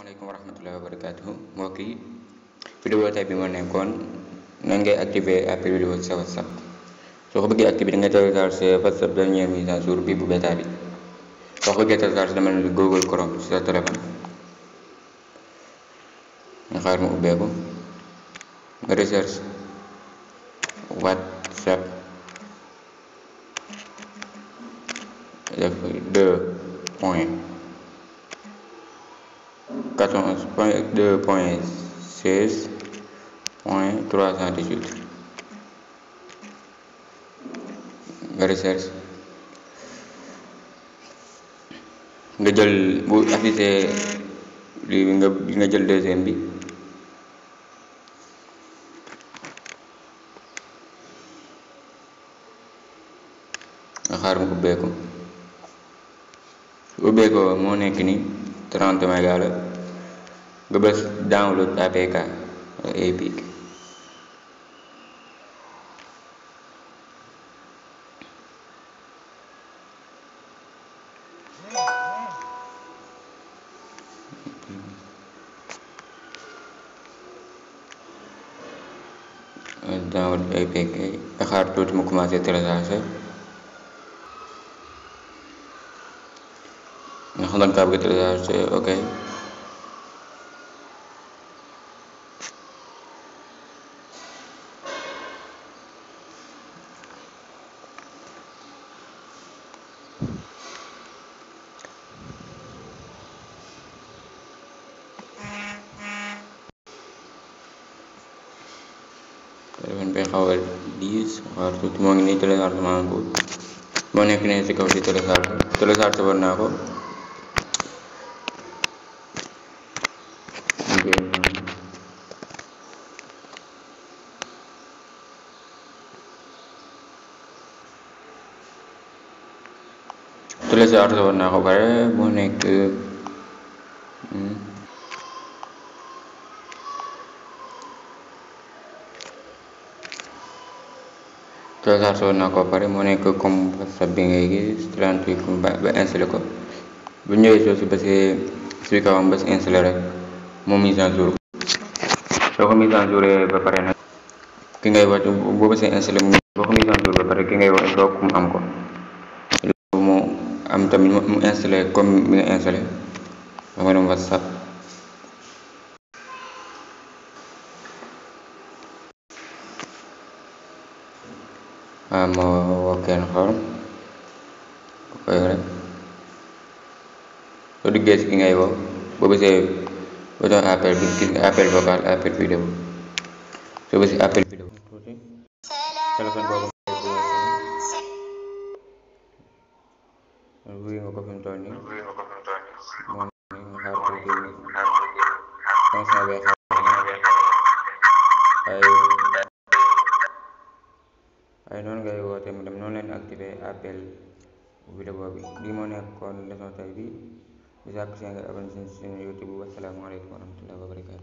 asalaamaaleykum wa rahmatullahi wa barakaatuhu mbokk yi vidéo tey bi moo nekkoon nan ngay activer appel soo ko bëggee activer da ngay télécharger whatsapp dernière mise à jour bi bu bêta bi soo ko bëggee télécharger dama ne nga nga recherche quatorze point deux point seize nga recherche nga jël bu affiché lii nga jël deuxième bi nga xaar mu ubbeeku ubbeekoo moo nekk ni trente méga la nga download APK eh, APK download APK akhar tout mu commencé télécharger nga xam nga ka bëgg télécharger okay. ben berhaberliyiz. Artık tümün ne tele sardım ben bu. Bana ekne ise kavuşu tele sardım. Tele sardı bana ko. तुले चार सौ बना हो करे बोने एक téléchargé na ko pare moo ne comme whatsapp bi ngay gis 38 ba ba installé ko bu ñëwee soo si basee si kawam ba si installé rek moom mise à jour soo ko mise à jour ba ki ngay wàcc boo basee installé mu boo ko mise à mu am ko loolu mu am tamit mu installé comme mi nga installé ba I'm working hard. Okay. So the guys king ayo. Bobo say bodo apple king apple bakal apple video. So bobo apple video. Telepon bobo. Viewing of him turning. Morning happy day. to do. Thanks, Nabia. I jàppeel vidéo bi lii moo nekkoon leçon tey bi di sàkk si nga abonné seen chaîne YouTube bi wassalaamu aleykum wa rahmatullaahi